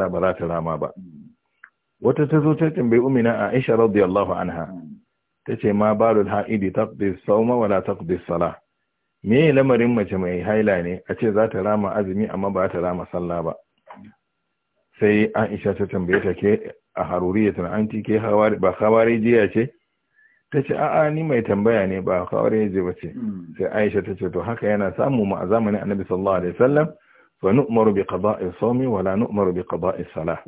Allah ba za ta rama ba wata ta zo ta tambayi umina Aisha radiyallahu anha tace ma balul haidi taqdi sawma wala taqdi salah me lamarin mace mai haila ne a ce za ta rama azumi amma ba ta rama sallah ba sai Aisha ta tambaye ta ke a haruriyatun anti ke ba khawarijiya ce ta ce a'a ni mai tambaya ne ba kawai yaje ba ce hmm. sai aisha ta ce to haka yana samu ma a zamanin annabi sallallahu alaihi wasallam wa nu'maru bi qada'i sawmi wa la nu'maru bi qada'i salah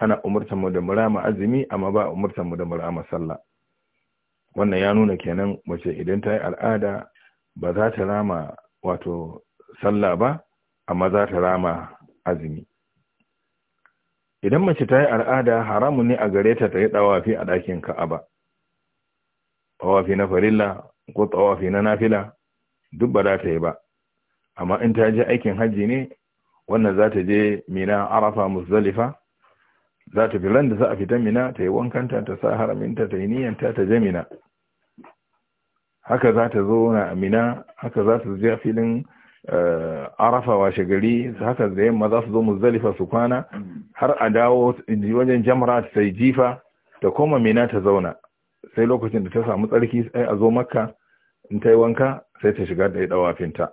ana umurtan mu da murama azumi amma ba umurtan mu da murama sallah wannan ya nuna kenan mace idan ta yi al'ada ba za ta rama wato sallah ba amma za ta rama azumi idan mace ta yi al'ada haramun ne a gare ta ta yi ɗawafi a ɗakin ka'aba fi na farilla ko ɗawafi na nafila duk ba za ta yi ba amma in ta je aikin hajji ne wannan za ta je mina arafa muzdalifa za ta fi da za a fita mina ta yi wankanta ta sa haraminta ta yi niyanta ta je mina haka za ta zo na mina haka za ta je filin eh, arafa washe gari haka da yamma za su zo muzdalifa su kwana har a dawo wajen jamra ta yi jifa ta koma mina ta zauna sai lokacin da ta samu tsarki sai a zo makka in ta yi wanka sai ta shiga da ya dawafinta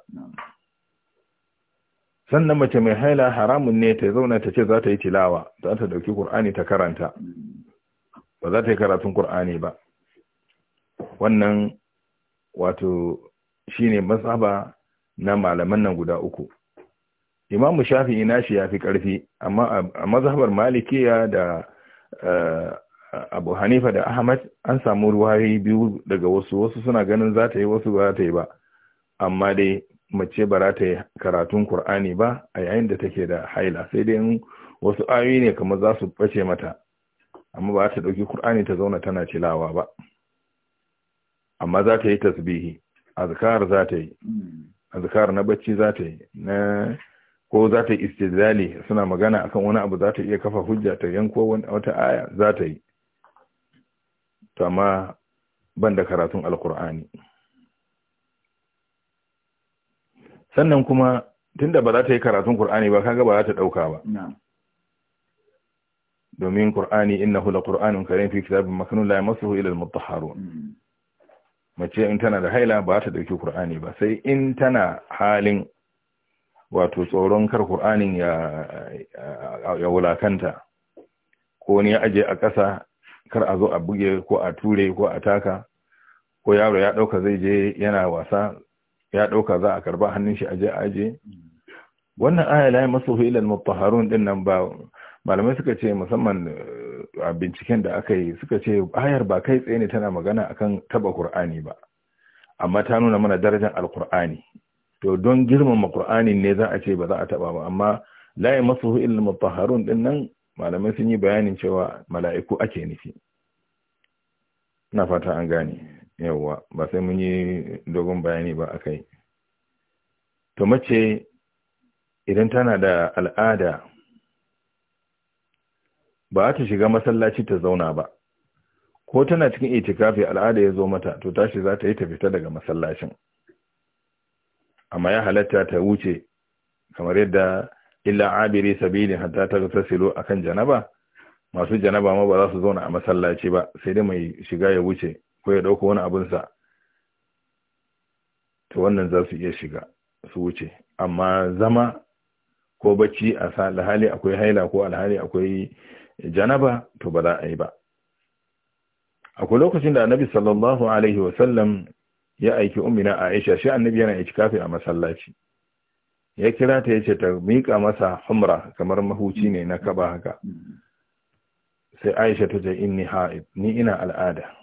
sannan mace mai haila haramun ne ta zauna ta ce za ta yi tilawa za ta dauki ƙur'ani ta karanta ba za ta yi karatun ƙur'ani ba wannan wato shine matsaba na malaman nan guda uku imamu shafi shi ya fi karfi amma a mazhabar malikiya da eh, abu hanifa da ahmad an samu ruwa biyu daga wasu wasu suna ganin za ta yi wasu ba za ta yi ba amma dai mace ba za ta yi karatun Kur'ani ba a yayin da take da haila sai dai wasu ayoyi ne kamar za su bace mata amma ba ta dauki Kur'ani ta zauna tana cilawa ba amma za ta yi tasbihi azkar za ta yi azkar na bacci za ta yi na ko za ta yi suna magana akan wani abu za ta iya kafa hujja ta yanko wata aya za ta yi to amma ban da karatun alkur'ani sannan kuma tunda ba za ta yi karatun Kur'ani ba kaga ba za ta dauka ba domin Kur'ani innahu laqur'anun karim fi kitabin makanun la yamassuhu illa al-mutahharun mm. mace in tana da haila ba ta dauki Kur'ani ba sai in tana halin wato tsoron kar Kur'anin ya ya wulakanta ko ne aje a ƙasa kar a zo a buge ko a ture ko a taka ko yaro ya dauka zai je yana wasa ya ɗauka za a karba hannun shi aje aje wannan aya la yamsuhu illa al-mutahharun din nan ba malamai suka ce musamman eh, a binciken da aka yi suka ce ayar ba kai tsaye ne tana magana akan taba Qur'ani ba amma ta nuna mana darajar al to don girmama Qur'ani ne za a ce ba za a taba ba amma la yamsuhu illa al-mutahharun din nan malamai sun yi bayanin cewa mala'iku ake nufi na fata an gane yawwa ba sai mun yi dogon bayani ba akai to mace idan tana da al'ada ba ta shiga masallaci ta zauna ba ko tana cikin itikafi al'ada ya zo mata to tashi za ta yi ta fita daga masallacin amma ya halatta ta wuce kamar yadda illa abiri sabili hatta ta tasilo akan janaba masu janaba ma ba za su zauna a masallaci ba sai dai mai shiga ya wuce ko ya ɗauko wani abinsa to wannan za su iya shiga su wuce amma zama ko bacci a sa alhali akwai haila ko alhali akwai janaba to ba za a yi ba akwai lokacin da annabi sallallahu alaihi wasallam ya aiki umina a aisha shi annabi yana aiki kafi a masallaci ya kira ta ce ta miƙa masa humra kamar mahuci ne na kaba haka sai aisha ta ce inni ha'id ni ina al'ada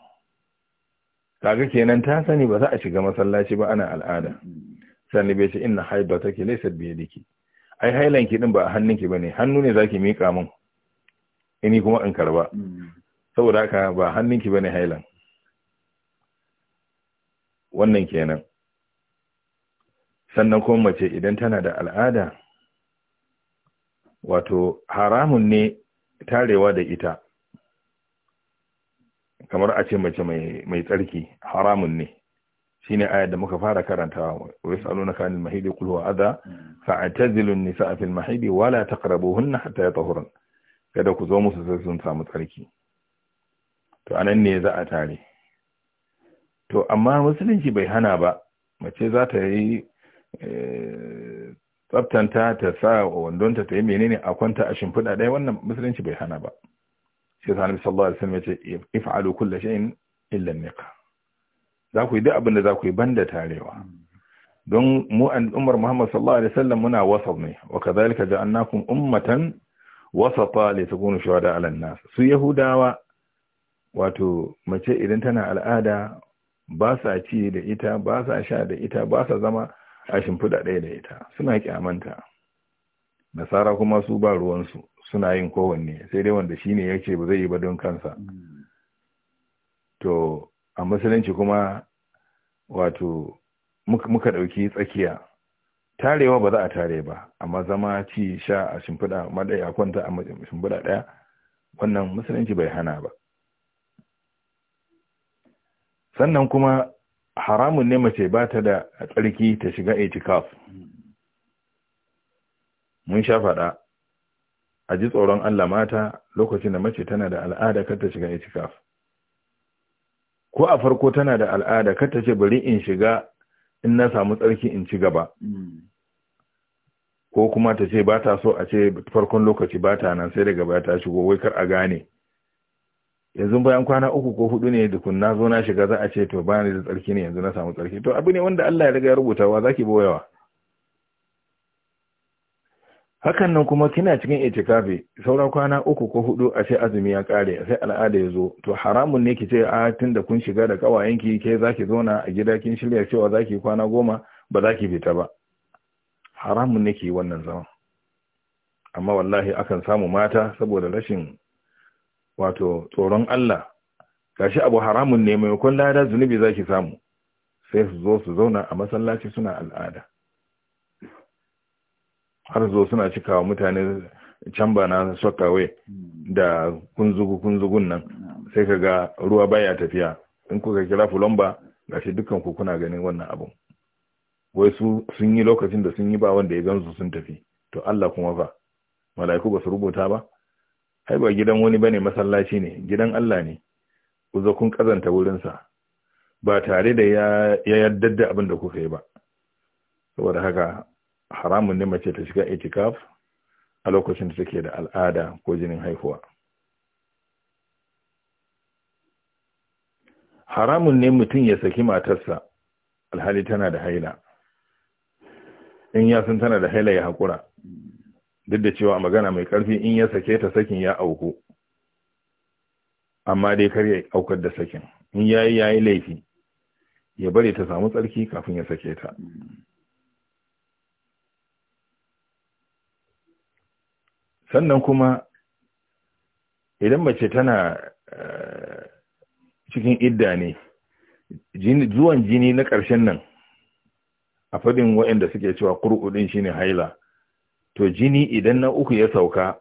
kaga kenan ta sani ba za a shiga masallaci ba ana al'ada sannan bai ce inna laisa laysa biyadiki ai hailan ki din ba a hannunki bane hannu ne zaki mika min ini kuma in karba saboda ka ba hannunki bane hailan wannan kenan sannan kuma mace idan tana da al'ada wato haramun ne tarewa da ita kamar a ce mace mai tsarki haramun ne shine ayar da muka fara karantawa wa yasaluna kan al-mahid qul huwa adha fa'tazilu nisa a fil mahid wa la hunna hatta tahuran kada ku zo musu sai sun samu tsarki to anan ne za a tare to amma musulunci bai hana ba mace za ta yi eh, tsaftanta ta sa wandonta ta yi menene a kwanta a shimfiɗa ɗaya wannan musulunci bai hana ba shi sa annabi sallallahu alaihi wasallam ya ce if'alu kulla shay'in illa niqa za ku yi duk abin da za ku yi banda tarewa don mu an umar muhammad sallallahu alaihi wasallam muna wasat ne wa kadhalika ja'alnakum ummatan wasata takunu shuhada 'ala an-nas su yahudawa wato mace idan tana al'ada ba sa ci da ita ba sa sha da ita ba sa zama a shimfiɗa ɗaya da ita suna kyamanta nasara kuma su ba ruwansu suna yin kowanne sai dai wanda shine ya ce ba zai yi ba don kansa hmm. to a musulunci kuma wato muka ɗauki tsakiya tarewa ba za a tare ba amma zama ci sha a shimfiɗa maɗaya a kwanta a shimfiɗa ɗaya wannan musulunci bai hana ba sannan kuma haramun ne mace ba ta da tsarki ta shiga itikaf hmm. mun sha faɗa a ji tsoron Allah mata lokacin da mace tana da al'ada kar ta shiga itikaf ko a farko tana da al'ada kar ta ce bari in shiga in na samu tsarki in ci gaba ko kuma ta ce ba ta so a ce farkon lokaci ba ta nan sai daga baya ta shigo wai kar a gane yanzu bayan kwana uku ko hudu ne dukun na zo na shiga za a ce to ba ni da tsarki ne yanzu na samu tsarki to abu ne wanda Allah ya riga ya rubuta wa zaki boyawa hakan nan kuma kina cikin itikafi sauran kwana uku ko hudu a sai azumi ya kare sai al'ada ya zo to haramun ne ki ce a ah, tun da kun shiga da kawayenki ke ki zauna a gida kin shirya cewa za zaki kwana goma ba za ki fita ba haramun ne ki wannan zaman amma wallahi akan samu mata saboda rashin wato tsoron Allah gashi abu haramun ne maimakon lada zunubi za ki samu sai su zo su zauna a masallaci suna al'ada har zo suna cikawa mutane camba na sokawai hmm. da kunzugu kunzugun nan hmm. sai ka ga ruwa baya tafiya in kuka kira ga shi dukkan ku kuna ganin wannan abun wai su sun yi lokacin da sun yi ba wanda ya gansu sun tafi to Allah kuma ba, mala'iku ba su rubuta ba ai ba gidan wani bane masallaci ne gidan Allah ne ku kun kazanta wurin sa ba tare da ya yaddar da abin da kuka yi ba saboda haka haramun ne mace ta shiga itikaf a lokacin da take da al'ada ko jinin haihuwa haramun ne mutum ya saki matarsa alhali tana da haila in ya san tana da haila ya haƙura duk da cewa magana mai ƙarfi in ya sake ta sakin ya auku amma dai kar ya aukar da sakin in yayi yayi laifi ya bari ta samu tsarki kafin ya sake ta sannan kuma idan mace tana eh, cikin idda ne zuwan jini na ƙarshen nan a faɗin waɗanda suke cewa ɗin shine haila to jini idan na uku ya sauka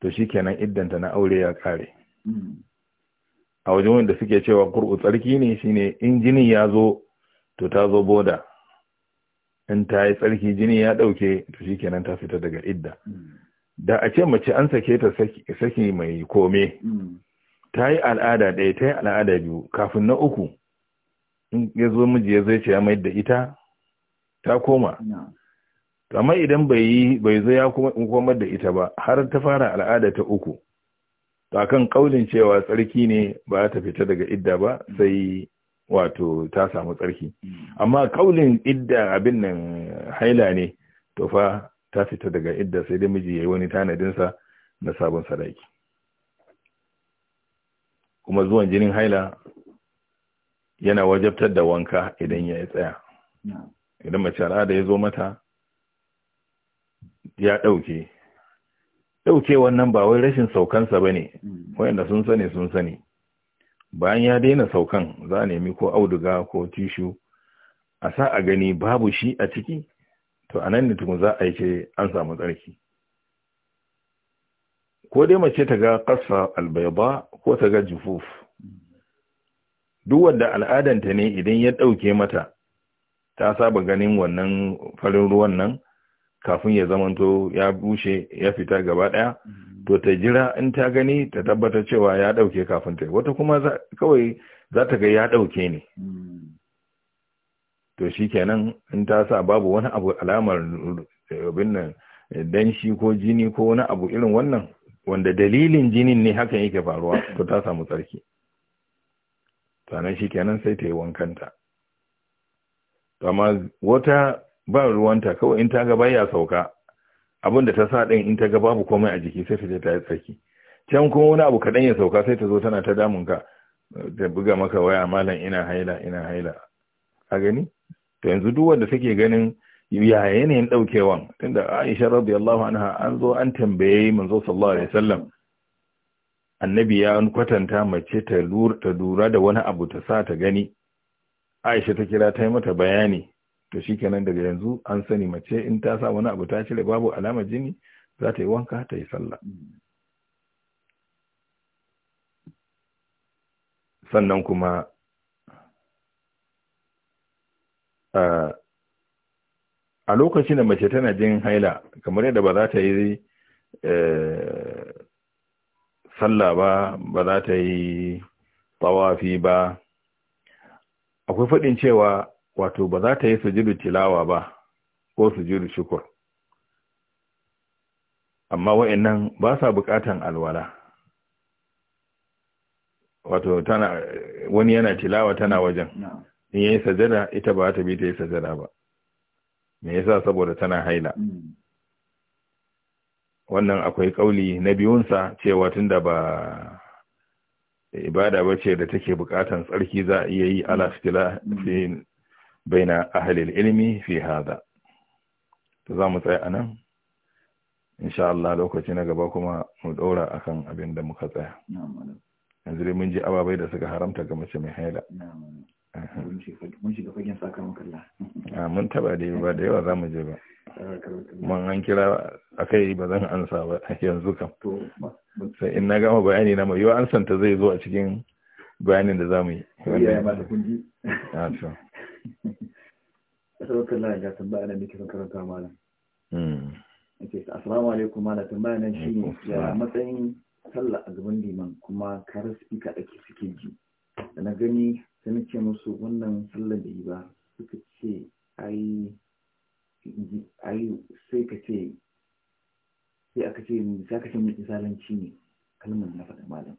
to shikenan iddanta na aure ya ƙare hmm. a wajen wanda suke cewa kur'u tsarki ne shine in jini ya zo to ta zo boda in ta yi tsarki jini ya ɗauke to shikenan ta fita daga idda hmm. da a ce mace an sake ta saki mai kome mm. ta yi al'ada ɗaya ta yi al'ada biyu kafin na uku in ya zo miji ya zai ce ya mai da ita ta koma amma idan bai yi bai zo ya komar da ita ba har ta fara al'ada ta uku ta kan kaulin cewa tsarki ne ba ta fita daga idda ba mm. sai wato ta samu tsarki mm. amma kaulin idda abin nan haila ne to fa ta fita daga idda sai dai miji yayi wani tanadinsa na sabon sadaki kuma zuwan jinin haila yana wajabtar da wanka idan ya tsaya idan mace al'ada ya zo mata ya ɗauke ɗauke wannan ba wai rashin saukansa ba ne mm. wayanda sun sani sun sani bayan ya daina saukan za a nemi ko auduga ko tishu a sa a gani babu shi a ciki to a nan ne tukun za a yi ce an samu tsarki ko dai mace ta ga ƙasa albaiba ko ta ga jufuf duk wanda al'adanta ne idan ya ɗauke mata ta saba ganin wannan farin ruwan nan kafin ya zamanto ya bushe ya fita gaba ɗaya to ta jira in ta gani ta tabbatar cewa ya ɗauke kafin ta wata kuma kawai za ta ga ya ɗauke ne hmm. to shi kenan in ta sa babu wani abu alamar eh, abin nan eh, danshi ko jini ko wani abu irin wannan wanda dalilin jinin ne hakan yake faruwa to ta samu tsarki sannan shi kenan sai ta yi wankanta amma wata ba ruwanta kawai in ta ga baya sauka abinda ta sa ɗin in ta ga babu komai a jiki sai ta je ta yi tsarki can kuma wani abu kaɗan ya sauka sai ta zo tana ta damun ka eh, buga maka waya malam ina haila ina haila a gani to yanzu duk wanda take ganin ya yanayin daukewan tunda Aisha radiyallahu anha an zo an tambaye manzo sallallahu alaihi wasallam annabi ya kwatanta mace ta lura ta lura da wani abu ta sa ta gani Aisha ta kira ta yi mata bayani to shikenan daga yanzu an sani mace in ta sa wani abu ta cire babu alamar jini za ta yi wanka ta yi sallah sannan kuma a lokacin da mace tana jin haila kamar yadda ba za ta yi eh, sallah ba ba za ta yi tsawafi ba akwai faɗin cewa wato ba za ta yi sujudu tilawa ba ko sujudu shukur amma wa'annan ba sa buƙatan alwala wato tana wani yana tilawa tana wajen in yi sajada ita ba ta bi ta yi sajada ba me yasa saboda tana haila hmm. wannan akwai kauli na biyunsa cewa tunda ba ibada ba ce da take bukatan tsarki za a iya yi ala fitila hmm. fi baina ahalil ilmi fi hada to za mu tsaya anan insha Allah lokaci na gaba kuma mu daura akan abin da muka tsaya yanzu dai mun ji ababai da suka haramta ga mace mai haila mun shiga fagen sakamakon la ah, mun taba da ba da yawa za mu je ba ah, mun an kira a kai ba zan ansa ba yanzu kam sai in na gama bayani na mai an ansanta zai zo a cikin bayanin da za mu yi a ah, to sadaukar la ga tambaya da muke son karanta malam hmm. ake assalamu alaikum malam tambaya nan shine ya matsayin sallah a gaban liman kuma karar speaker ake suke ji da na gani sai na ce musu wannan sallar da yi ba suka ce ai sai ka ce sai aka ce sai ka ce misalanci ne kalmar na faɗin malam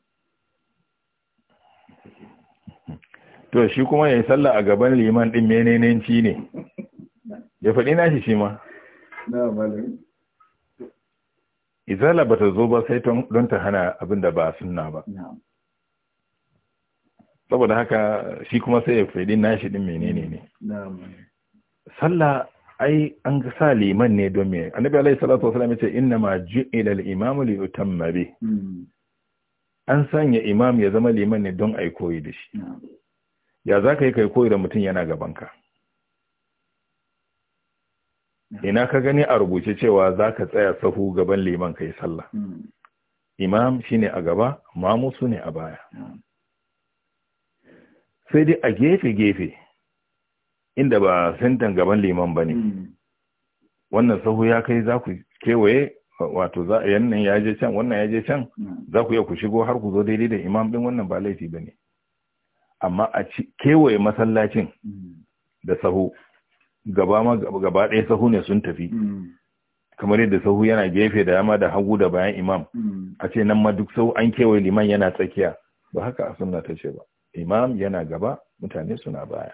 to shi kuma ya yi sallah a gaban liman ɗin menenenci ne ya faɗi nashi shi ma izala ba ta zo ba sai don ta hana abin da ba sunna ba saboda haka shi kuma sai ya Na nashi din menene ne sallah ai an sa liman ne don me annabi alaihi salatu wasallam yace inna ma ju'ila al-imam li yutamma bi hmm. an sanya imam ya zama liman ne don ai koyi da shi ya zaka yi kai koyi da mutum yana gaban ka ina ka gani a rubuce cewa zaka tsaya sahu gaban liman kai sallah hmm. imam shine a gaba mamu su ne a baya sai dai a gefe-gefe inda ba sentan gaban liman ba ne hmm. wannan sahu ya kai za ku kewaye wato za yannan ya je can wannan ya je can hmm. za ku iya ku shigo har ku zo daidai da imam din wannan ba laifi ba ne amma a kewaye masallacin hmm. da sahu gaba ma gaba ɗaya sahu ne sun tafi kamar yadda sahu yana gefe da yama da hagu da bayan imam a ce nan ma duk sahu an kewaye liman yana tsakiya ba haka a sunna ta ce ba imam yana gaba mutane suna baya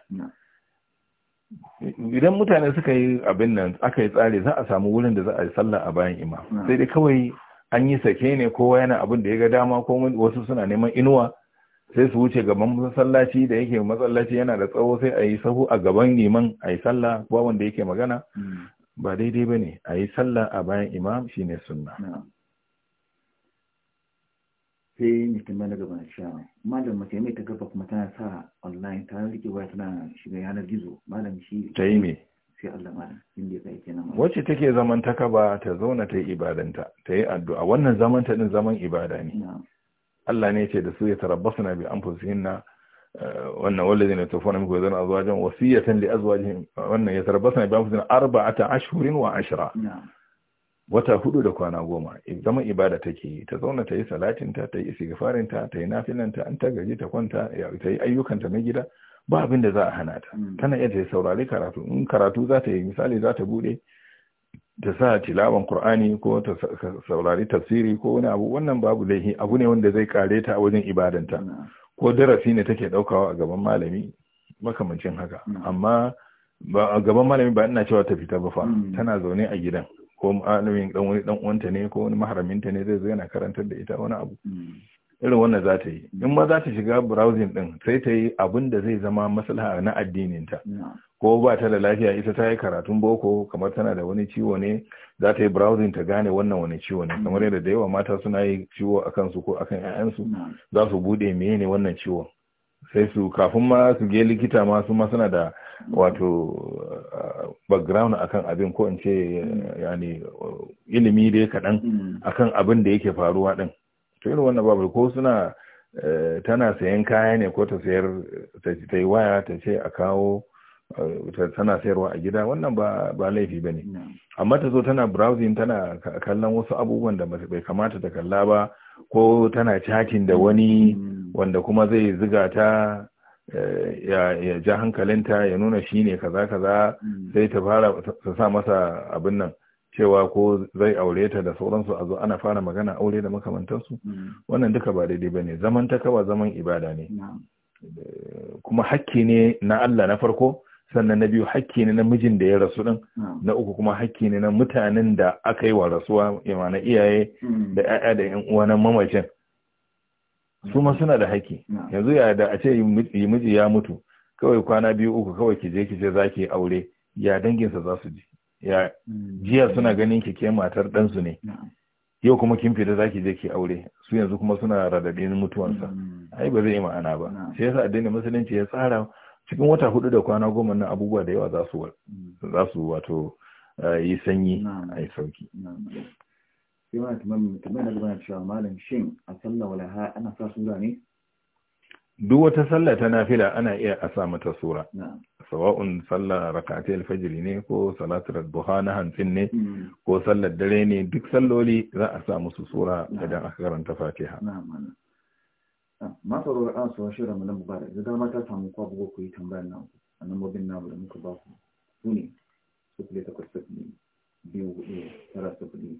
idan mutane suka yi abin nan aka yi tsari za a samu wurin da za a yi sallah a bayan imam sai dai kawai an yi sake ne kowa yana abin da ya ga dama ko wasu suna neman inuwa sai su wuce gaban masallaci da yake masallaci yana da tsawo sai a yi sahu a gaban liman a yi sallah ba wanda yake magana hmm. ba daidai ba ne a yi sallah a bayan imam shine sunna sai mutum na gaba sha malam mace mai ta gaba kuma tana sa online ta rike waya tana shiga yanar gizo malam shi ta yi me sai Allah malam inda ya kai kenan wacce take zaman ta kaba ta zauna ta yi ibadanta ta yi addu'a wannan zaman ta din zaman ibada ne Allah ne ce da su ya na bi na. Eh, wannan wallazina tufuna minku yadun azwajan wasiyatan li azwajihim wannan ya na bi anfusihinna arba'ata ashhurin wa ashira. na'am wata hudu da kwana goma zama ibada take yi ta zauna ta yi salatinta ta yi istighfarinta ta yi nafilanta an ta gaji ta kwanta ta yi ayyukanta na gida ba abin da za a hana ta hmm. tana iya ta yi saurari karatu in karatu za ta yi misali za ta bude ta sa tilawan qur'ani ko ta saurari tafsiri ko wani abu wannan babu laifi. abu ne wanda zai kare ta a wajen ibadanta hmm. ko darasi ne take daukawa a gaban malami makamancin haka hmm. amma ba a gaban malami ba ina cewa ta fita ba fa tana zaune a gidan ko malamin dan wani dan uwanta ne ko wani maharaminta ne zai zo karantar da ita wani abu hmm. irin wannan za ta yi hmm. in ma za ta shiga browsing din sai ta yi abin da zai zama maslaha na addininta hmm. ko ba ta da lafiya ita ta yi karatun boko kamar tana da wani ciwo ne za ta yi browsing ta gane wannan wani ciwo ne kamar yadda da yawa mata suna yi ciwo a kansu ko a kan 'ya'yansu za su bude meye ne wannan ciwon sai su kafin ma su je likita ma su ma suna da wato uh, background akan abin ko in ce mm. yani ilimi dai kaɗan mm. akan abin da yake faruwa ɗin to irin wannan babu ko suna eh, tana sayan kaya ne ko ta sayar ta yi waya ta ce a kawo eh, tana sayarwa a gida wannan ba laifi ba ne amma ta zo tana browsing tana kallon wasu abubuwan da bai kamata ta kalla ba ko tana chatting da wani mm. wanda kuma zai ziga ta Eh, ya ja hankalinta ya nuna shi ne kaza kaza mm. sai ta fara ta sa masa abin nan cewa ko zai aure ta da sauransu a zo ana fara magana aure da makamantansu mm. wannan duka ba daidai ba ne zaman ta kawa zaman ibada ne eh, kuma hakki ne na Allah na farko sannan na biyu hakki ne na mijin da ya rasu din na uku kuma hakki ne na mutanen da aka yi wa rasuwa imana iyaye mm. da 'ya'ya da 'yan uwa na mamacin su ma suna da haƙƙi yanzu ya da a ce yi miji ya mutu kawai kwana biyu uku kawai ki je ki ce za ki aure ya danginsa za su ji ya mm. jiya suna ganin ki ke matar ɗansu ne yau kuma kin fita za ki je ki aure su yanzu kuma suna radadin mutuwansa mm. ai ba zai yi ma'ana ba sai yasa addinin musulunci ya tsara cikin wata hudu da kwana goma nan abubuwa da yawa za su mm. wato eh, yi sanyi a yi sauki sai mana tambayin tambayin da gaba cewa malam shin a sallah walaha ana sa sura ne duk wata sallah ta nafila ana iya a sa mata sura sawa'un sallah rak'atai alfajr ne ko salatul duha na hantsin ne hmm. ko sallar dare ne duk salloli za a sa musu sura idan aka karanta fatiha masu rawar an suwa shirin malam mubarak da dama ta samu kwa bugo ku yi tambayar nan a nambobin namu da muka ba ku su ne sufuri takwas sufuri biyu hudu tara sufuri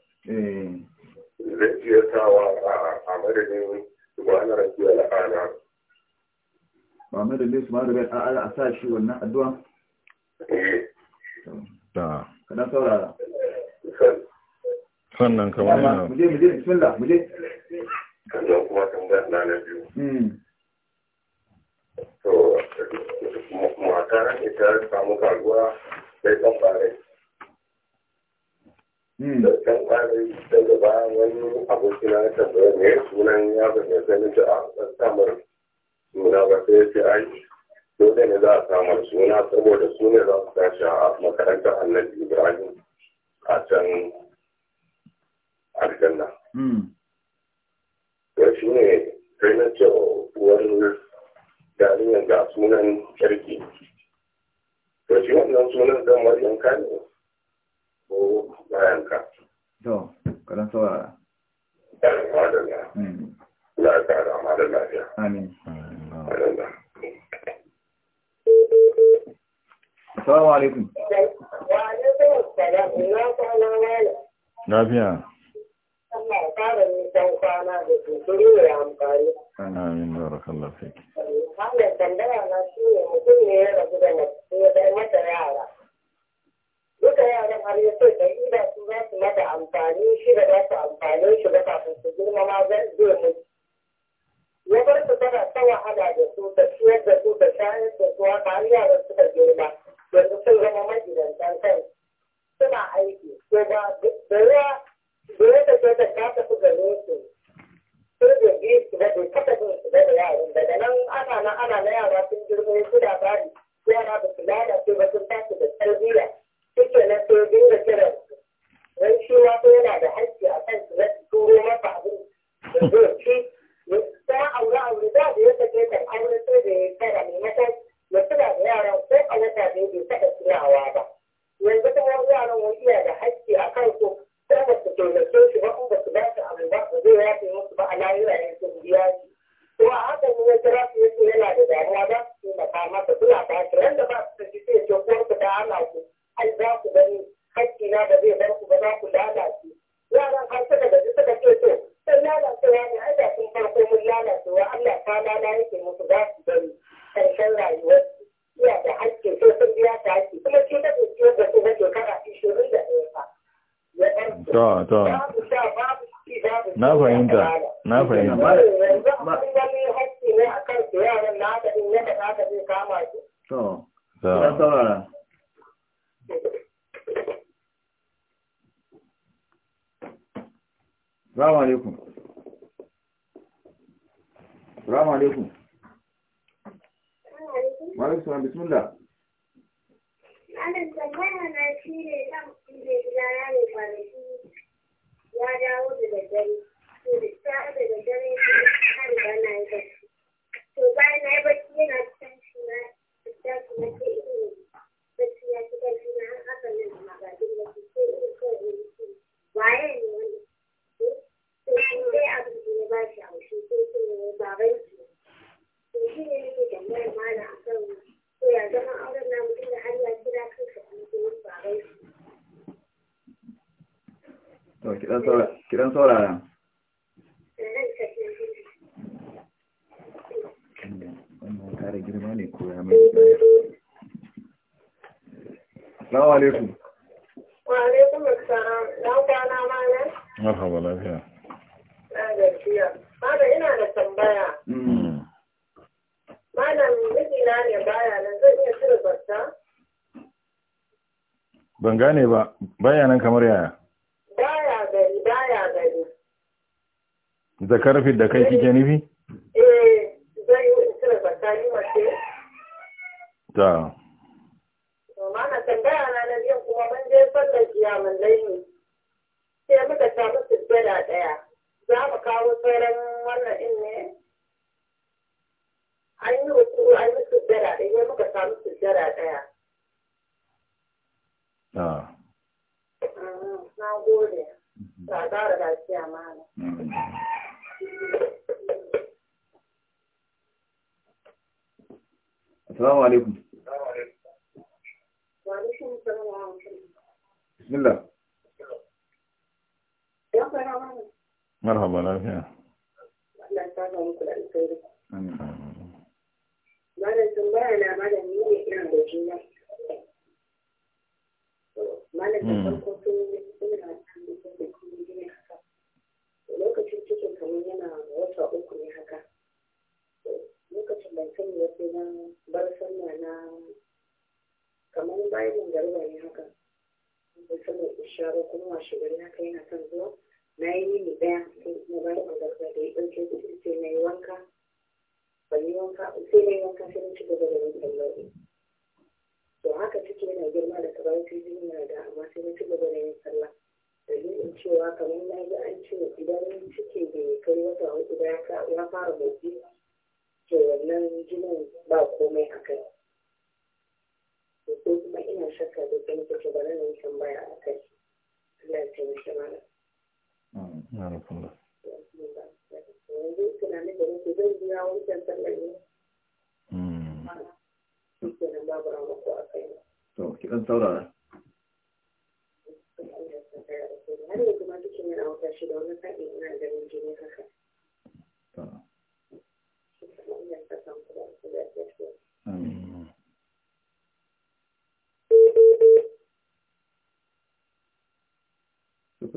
Eh. zai iya sawa a madadin subhana rabbi ba madadin subhana rabbi al'ala a sa shi wannan addu'a ta eh. kana saurara sannan kamar yana muje muje bismillah muje sannan kuma na biyu hmm. mata ita samu karuwa sai kan Dattan kwanan daga bayan wani abokina eh, na tambaya ne sunan ah, ya bane sai ta a samar suna ba sai ya ce ai dole ne za a samar suna saboda su ne za su tashi a makarantar annabi Ibrahim a can aljanna. Da hmm. shi ne sai na ce uwar jariyan ga sunan kirki. To shi wannan sunan zan maryanka ne. ko bayanka. To, karan saurara. Mm. da lafiya. Amin. Assalamu alaikum. nisan kwana da amfani. Amin da rakan lafiya. tambaya na shi ne mutum ne ya rabu da mace ya bar mata yara. duka yaran har ya sai da ina su za su mata amfani shi da za su amfani shi ba kafin su girma ma zai mutu ya bar su tana ta wahala da su ta ciyar da su ta shayar da su a har yaran suka girma yanzu sun zama magidantan kan suna aiki ko ba da ya da ya tafi da ka tafi gare su sun zargi su da bai taɓa jin su da yaran daga nan ana na ana na yara sun girma su da bari yara ba su lalace ba sun tashi da tarbiyya suke na sai dinga kiran don shi yana da haƙƙi a kan su na turo masa abin da zai ci kuma aure aure da da ya sake kan aure sai da ya kara ne mata da suna da yaran ko a wata da bai taɓa tunawa ba yanzu kuma yaran wani iya da haƙƙi a kan su ko ba su taimake shi ba ko ba su ba su abu ba su zai yafe musu ba a layura ne sun biya shi ko a haka ne ya kira su yana da damuwa ba su taimaka masa suna ba shi wanda ba su da shi sai ya ce ko su ta hana ku ai za ku na zai barku ba za ku lalace yaran har suka gaji suka ce sai lalacewa ne da sun farko lalacewa Allah ta lala yake musu za rayuwar ta hakki kuma shi ta na shekara ishirin da ya na fahimta na fahimta yanzu a in yadda zai kama su Salamu alaikum. Wa alaikum assalam. Dan kana malam. Marhaba lafiya. Na gaskiya. Malam ina da tambaya. Mm. Malam na ne baya nan zan iya cire barta? Ban gane ba, baya nan kamar yaya? Baya gari, baya gari. Da karfi da kai kike nufi? Eh, zai yi cire barta ni mace. Ta. kiyamun laini sai muka samu sujjada ɗaya za mu kawo sauran wannan ɗin ne an yi wasu an yi sujjada ɗaya sai muka samu sujjada ɗaya. Ah. Mm, na gode, ta mm-hmm. ƙara lafiya mana. Mm-hmm. Assalamu alaikum. Wa alaikum bismillah Malam tambaya na malam ni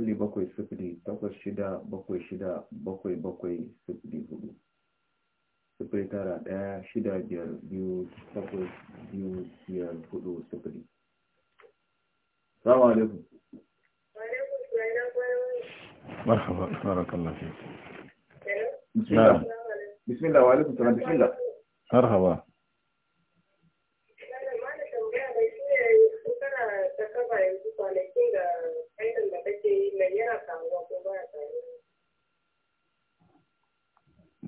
sifili bakwai sifili takwas shida bakwai shida bakwai bakwai sifili hudu sifili tara daya shida biyar biyu takwas biyu biyar hudu sifili salamu alaikum marhaba barakallahu fi bismillah bismillah wa alaikum salam bismillah marhaba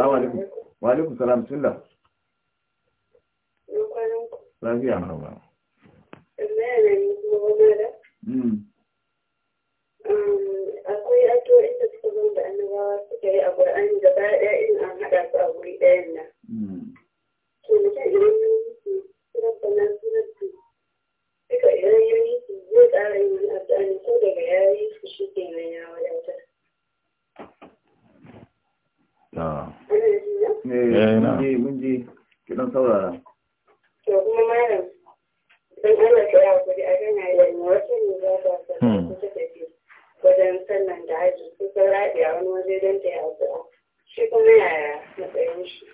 salamu alaikum wa alaikum salam tunda lafiya na ba hmm. akwai ato inda suka zo da annabawa suka yi a ƙwar'ani da ba ɗaya in an haɗa su a wuri ɗayan nan hmm. to mutum idan yi sunan sannan sunan su suka idan yi zai ƙara yin wani addu'a ne ko daga ya yi su shi kenan ya wadatar Eh, eh, mun ji saurara to kuma malam don Allah kuri a kan halayen wasu ne za ta hmm. sassa wajen da a wani waje don ta yi shi kuma yaya matsayin shi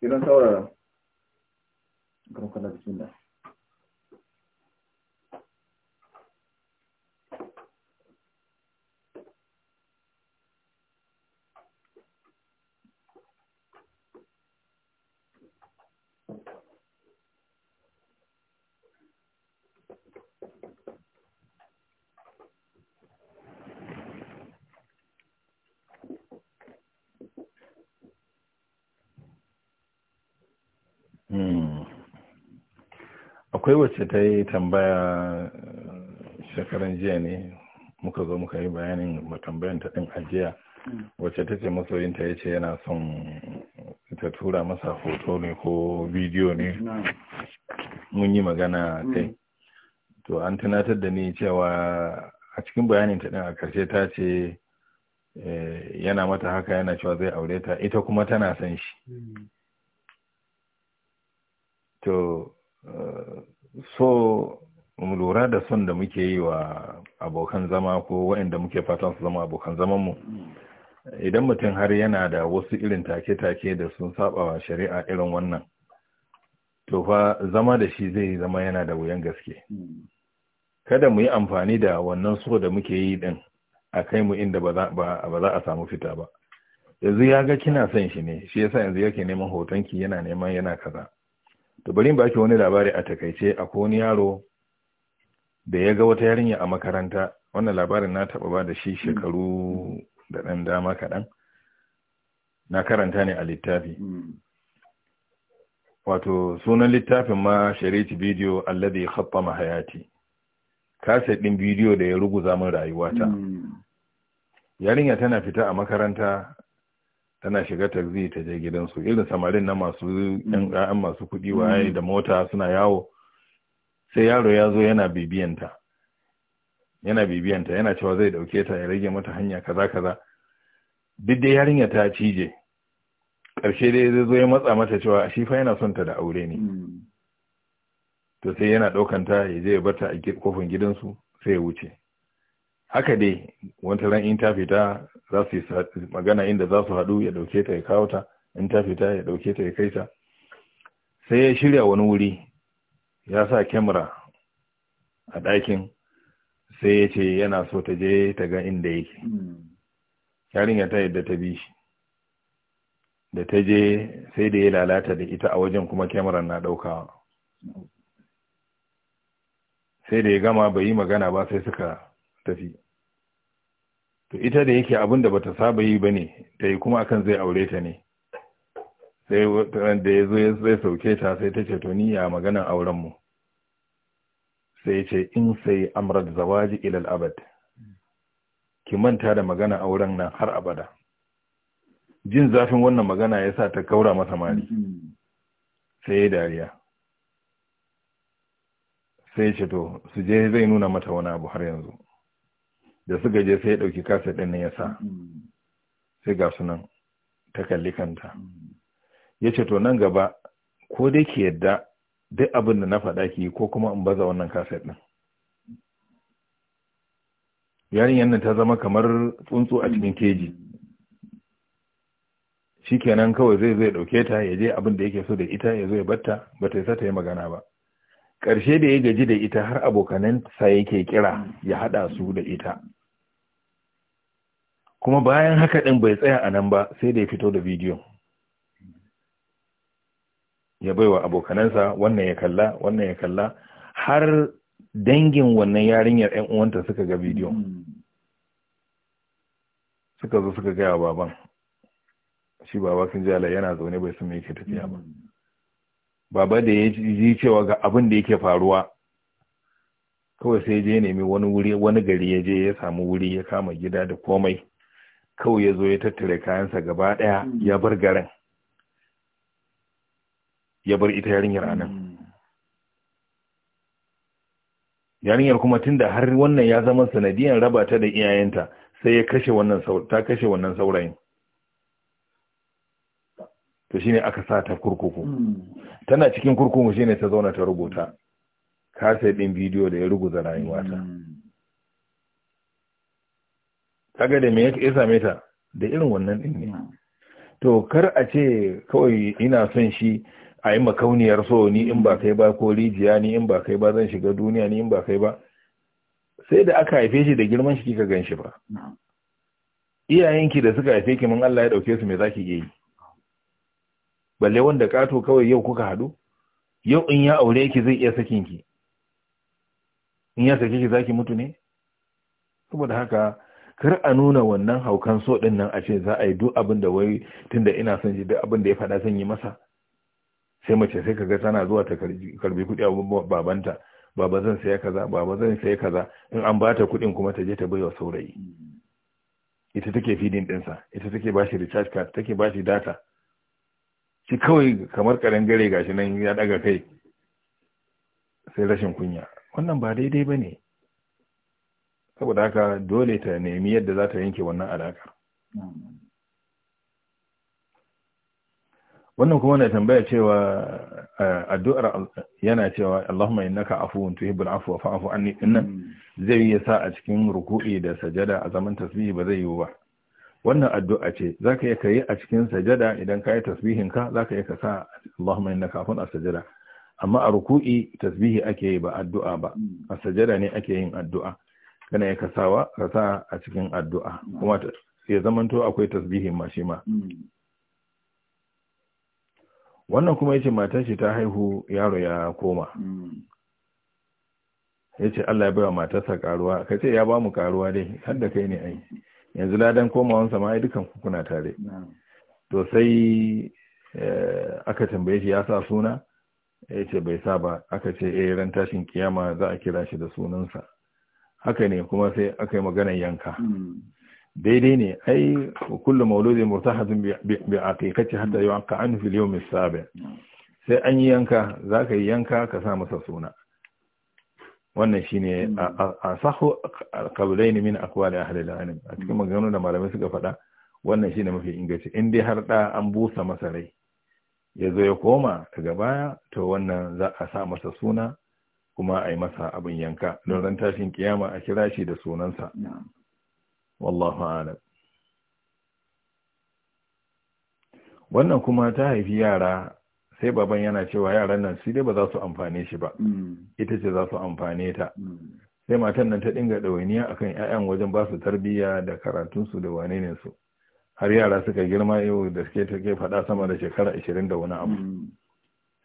saurara kwanar Hmm. akwai wacce ta yi tambaya eh, shekaran jiya ne muka zo muka yi bayanin tambayan ta ɗin ajiya hmm. wacce ta ce masoyinta ya ce yana son ta tura masa hoto ne ko bidiyo ne hmm. mun yi magana kai to an tunatar da ni cewa a cikin bayanin ta ɗin a ƙarshe ta ce eh, yana mata haka yana cewa zai aure ta ita kuma tana son shi so mu lura da son da muke yi wa abokan zama ko waɗanda muke fatan su zama abokan zaman mu idan mutum har yana da wasu irin take-take da sun saba wa shari'a irin wannan to fa zama da shi zai zama yana da wuyan gaske kada mu yi amfani da wannan so da muke yi din a kai mu inda ba za a samu fita ba yanzu ya ga kina son shi ne shi yasa yanzu yake neman hoton ki yana neman yana kaza to bari in baki wani labari a takaice a wani yaro da ya ga wata yarinya a makaranta wannan labarin na taɓa ba da shi shekaru da ɗan dama kaɗan na karanta ne a littafi wato sunan littafin ma shariti bidiyo alladhi ma hayati kaset ɗin bidiyo da ya ruguza min rayuwata hmm. yarinya tana fita a makaranta tana shiga taxi ta je gidansu irin samarin na masu yan mm. ƴaƴan masu kuɗi mm. waye da mota suna yawo sai yaro ya zo yana bibiyanta yana bibiyanta yana cewa zai dauke ta ya rage mata hanya kaza kaza duk dai yarinya ta cije ƙarshe dai zai zo ya matsa mata cewa shi fa yana son ta da aure ne mm. to sai yana ɗaukan ta ya je ya bata a kofin gidansu sai ya wuce haka dai wata ran in ta fita za su yi magana inda za su haɗu ya ɗauke ta ya kawo ta in ta fita ya ɗauke ta ya kai ta sai ya shirya wani wuri ya sa kyamara a ɗakin sai ya ce yana so ta je ta ga inda yake yarinya ta yadda ta bi shi da ta je sai da ya lalata da ita a wajen kuma kyamaran na ɗaukawa sai da ya gama bai yi magana ba sai suka tafi to ita da yake abin da bata saba yi bane ta yi kuma akan zai aure ta ne sai da ya zo zai sauke ta sai ta ce to ni ya maganan auren mu sai ce in sai amrad zawaji ilal abad ki manta da magana auren nan har abada jin zafin wannan magana ya sa ta kaura masa mali sai ya dariya sai ce to su je zai nuna mata wani abu har yanzu da suka je sai ya ɗauki kasa ɗin nan ya sa mm. sai ga sunan ta kalli kanta mm. ya ce to nan gaba ko dai ki yadda duk abin da na faɗa ki ko kuma in baza wannan kasa ɗin yarinyar nan ta zama kamar tsuntsu a cikin keji shi kenan kawai zai zai ɗauke ta ya je abin da yake so da ita ya zo ya batta ba ta yi ta yi magana ba ƙarshe da ya gaji da ita har abokanansa yake kira ya haɗa su da ita kuma bayan haka ɗin bai tsaya a nan ba sai da ya fito da bidiyon ya baiwa abokanansa wannan ya kalla wannan ya kalla har dangin wannan yarinyar 'yan uwanta suka ga bidiyon suka zo suka gaya baban shi baba sun jala yana zaune bai sun yake tafiya ba baba da ya ji cewa ga abin da yake faruwa kawai sai je nemi wani wuri wani gari ya je ya samu wuri ya kama gida da komai kawai ya zo ya tattare kayansa gaba ɗaya hmm. ya bar garin ya bar ita yarinyar anan hmm. yarinyar kuma tunda har wannan ya zama sanadiyan raba ta da iyayenta sai ya kashe wannan ta kashe wannan saurayin to shine aka sa ta kurkuku hmm. tana cikin kurkuku shine ta zauna ta rubuta kasa ɗin bidiyo da ya ruguza rayuwata kaga da me ya same ta da irin wannan din ne to kar a ce kawai ina son shi a yi makauniyar so ni in ba kai ba ko rijiya ni in ba kai ba zan shiga duniya ni in ba kai ba sai da aka haife shi da girman shi kika ganshi ba iyayenki da suka haife ki mun Allah ya dauke su me zaki yi balle wanda kato kawai yau kuka hadu yau in ya aure ki zai iya sakin ki in ya sake ki zaki mutu ne saboda haka kar a nuna wannan haukan so din nan a ce za a yi duk abin da wai tunda ina son shi duk abin da ya faɗa zan yi masa sai mace sai kaga tana zuwa ta karbi kuɗi a babanta baba zan saya kaza baba zan saya kaza in an ba ta kuɗin kuma ta je ta baiwa saurayi ita take feeding ɗinsa ita take bashi recharge card take bashi data shi kawai kamar karangare gashi nan ya daga kai sai rashin kunya wannan ba daidai ba ne saboda haka dole ta nemi yadda za ta yanke wannan alaƙar wannan kuma na tambaya cewa eh, addu'ar yana cewa Allahumma innaka afuwun tuhibbul afwa fa'fu anni innan zai yi sa a cikin ruku'i da sajada a zaman tasbihi ba zai yi ba wannan addu'a ce zaka yi kai a cikin sajada idan kai tasbihin ka zaka yi ka sa Allahumma innaka afuwun a sajada amma a ruku'i tasbihi ake yi ba addu'a ba a sajada ne ake yin addu'a kana ya kasawa ka a cikin addu'a kuma ya zamanto akwai tasbihin ma shi ma hmm. wannan kuma yace matar shi ta haihu yaro ya koma hmm. yace Allah ya baiwa matarsa karuwa kace ya bamu mu karuwa dai har da kai ne ai yanzu ladan komawan sa ma ai dukan ku kuna tare to sai eh, aka tambaye shi ya sa suna yace bai sa ba aka ce eh ran tashin kiyama za a kira shi da sunansa haka ne kuma sai aka yi maganar yanka hmm. daidai ne ai kullu mauludin murtahadin bi aqiqati hatta hmm. yuqa anhu fil yawm as-sabi hmm. sai an yi yanka zaka yi yanka ka sa masa suna wannan shine asahu ne min aqwali ahli al-ilm a cikin maganganun da malamai suka faɗa wannan shine mafi inganci in dai har da an busa masa rai ya zo ya koma daga baya to wannan za a sa masa suna kuma a yi masa abin yanka mm. don ran tashin kiyama a kira shi da sunansa wallahu alam wannan kuma ta haifi yara sai baban yana cewa yaran nan su dai ba za su amfane shi ba mm. ita ce za su amfane ta mm. sai matan nan ta dinga ɗawainiya akan 'ya'yan wajen ba su tarbiyya da karatunsu da wane ne su har yara suka girma yau da suke take faɗa sama da shekara ashirin da wani abu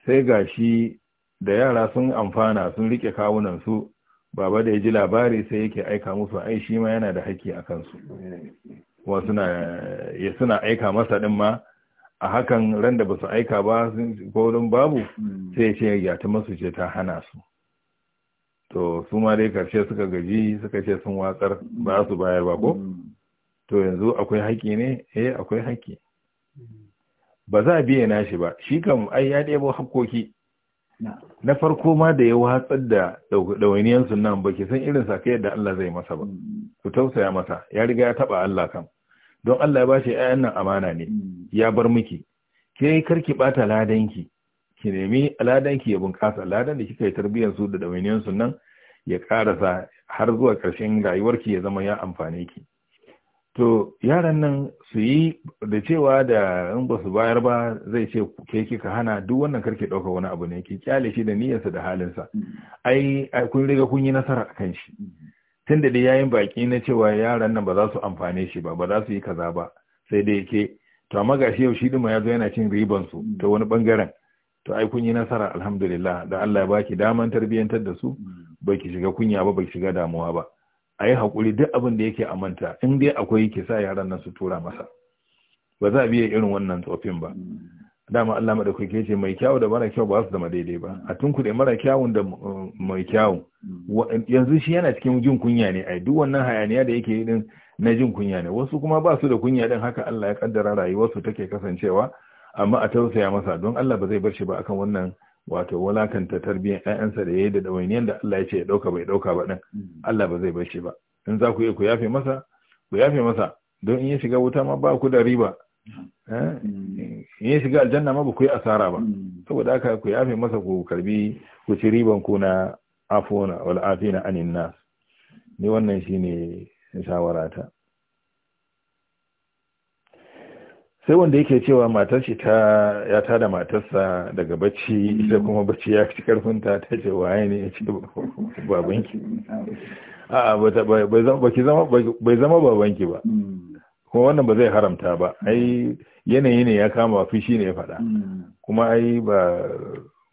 sai ga shi da yara sun amfana sun rike kawunan su baba da ya ji labari sai yake aika musu ai shi ma yana da haƙƙi a kansu wasu suna eh, suna aika masa ɗin ma a hakan ran da basu aika ba ko don babu hmm. sai ya ce ya ta masu ce ta hana su to su ma dai karshe suka gaji suka ce sun watsar ba su bayar ba ko hmm. to yanzu akwai haƙƙi ne eh akwai haƙƙi hmm. ba za a biye nashi ba shi kam ai ya ɗebo hakkoki na farko ma da ya watsar da ɗawainiyar sunan ba ke san irin sake yadda Allah zai masa ba mm. ku tausaya masa ya riga ya taba Allah kan don Allah ya ba shi ‘ya'yan nan amana ne mm. ya bar miki ke yi karki bata ladanki ki nemi ladanki ya bunkasa ladan da kika yi tarbiyyar su da ɗawainiyar sunan ya ƙarasa har zuwa ƙarshen rayuwarki ya zama ya amfane ki to yaran nan su yi da cewa da in ba su bayar ba zai ce ke kika hana duk wannan karki ɗauka wani abu ne ki kyale shi da niyyarsa da halinsa ai kun riga kun yi nasara a kan shi tun da dai yayin baki na cewa yaran nan ba za su amfane shi ba ba za su yi kaza ba sai dai ke to amma shi yau shi ma ya zo yana cin riban su ta wani bangaren to ai kun yi nasara alhamdulillah da Allah ya baki daman tarbiyyantar da su baki shiga kunya ba baki shiga damuwa ba a yi haƙuri duk abin da yake manta, in dai akwai ke sa yaran nan su tura masa ba za a biya irin wannan tsofin ba dama Allah kuke ce mai kyau da mara kyau ba su zama daidai ba a tunkuɗe mara kyawun da mai kyawu yanzu shi yana cikin jin kunya ne ai duk wannan hayaniya da yake din na jin kunya ne wasu kuma ba su da kunya din haka Allah ya kaddara rayuwarsu take kasancewa amma a tausaya masa don Allah ba zai bar shi ba akan wannan wato walakanta tarbiyyar ƴaƴansa da yayi da dawainiyar da Allah ya ce ya dauka bai dauka ba din mm. Allah ba zai bar ba in za ku yi ku yafe masa ku yafe masa don in ya shiga wuta ma ba ku da riba mm. eh? in ya shiga aljanna ma ba ku yi asara ba mm. saboda haka ku yafe masa ku karbi ku ci riban ku na afona wal afina anin nas ni wannan shine ta. sai wanda yake cewa matar shi ta ya tada matarsa daga bacci ita mm. kuma bacci ya ci karfin ta ce waye ne ya ce babanki a'a bai zama babanki ba mm. kuma wannan ba zai haramta ba ai yanayi ne ya kama fushi ne ya faɗa mm. kuma ai ba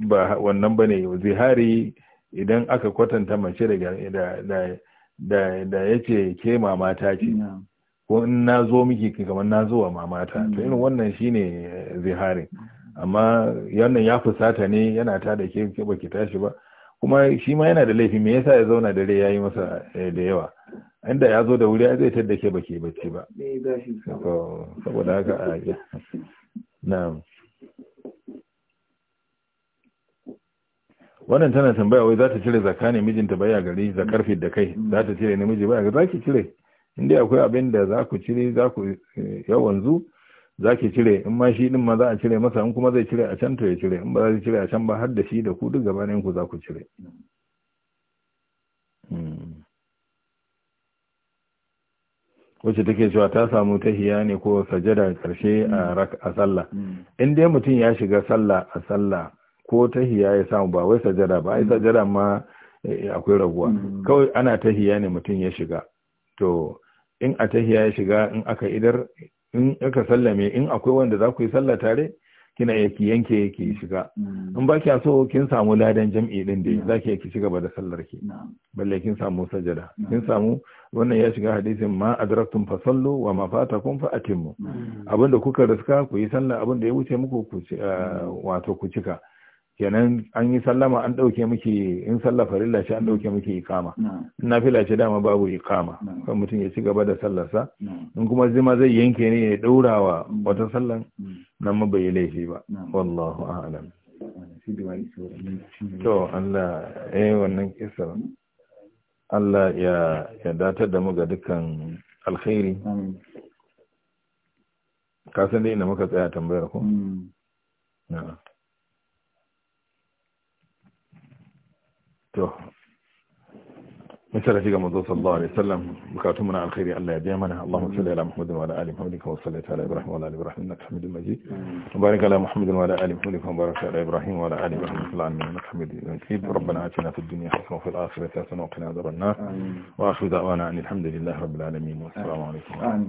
ba wannan ba ne zihari idan aka kwatanta mace da da da ya ce ke ta ce ko in na zo miki kamar na zo wa mamata to irin mm. wannan shine eh, ziharin amma yannan ya fusata ne yana ta da ke ba ki tashi ba kuma shi ma yana da laifi me yasa ya zauna dare ya yi masa eh, da yawa inda ya zo da wuri zai tadda ke baki bacci ba saboda haka ah, a na'am wannan tana tambaya wai za ta cire zaka ne mijinta baya gari zakar da kai mm. za ta cire namiji baya ga za ki cire inda akwai abin da za ku cire za ku eh, yau wanzu za ki cire in ma shi din ma za a cire masa in kuma zai cire a can to ya cire in ba za cire a can ba har da shi da ku duk gabanin ku za ku cire hmm. wacce take cewa ta samu ta hiya ne ko sajada karshe a hmm. sallah hmm. in dai mutum ya shiga sallah a sallah ko hiya ya samu ba wai sajada ba ai sajada ma eh, akwai raguwa kawai ana ta hiya ne mutum ya shiga to in a tahiya ya shiga in aka idar in aka sallame in akwai wanda za ku yi sallah tare kina ya ki yanke ki shiga mm. in ba ki so kin samu ladan jam'i din da mm. za ki ki shiga da sallar ki mm. balle kin samu sajada kin samu wannan ya shiga hadisin ma adraktum fa sallu wa ma fatakum fa atimmu abinda kuka riska ku yi sallah abinda ya wuce muku ku eh, wato ku cika kenan an yi sallama an ɗauke miki in sallah farilla ce an hmm. ɗauke miki ikama hmm. in fila ce dama babu ikama hmm. kan mutum ya ci gaba da sallarsa in kuma zima zai yanke ne ya ɗaura wa wata sallan nan ma bai laifi ba wallahu a'lam to Allah eh wannan kisa Allah ya ya datar da mu ga dukkan alkhairi ka san dai ina muka tsaya tambayar ko na'am تو مثلا في قمة صلى الله عليه وسلم بكاتمنا على الخير على ديامنا اللهم صل على محمد وعلى آل محمد وصلى على إبراهيم وعلى آل إبراهيم إنك حميد مجيد وبارك على محمد وعلى آل محمد وبارك على إبراهيم وعلى آل إبراهيم في العالمين إنك حميد مجيد ربنا آتنا في الدنيا حسنة وفي الآخرة حسنة وقنا عذاب النار وآخر دعوانا أن الحمد لله رب العالمين والسلام عليكم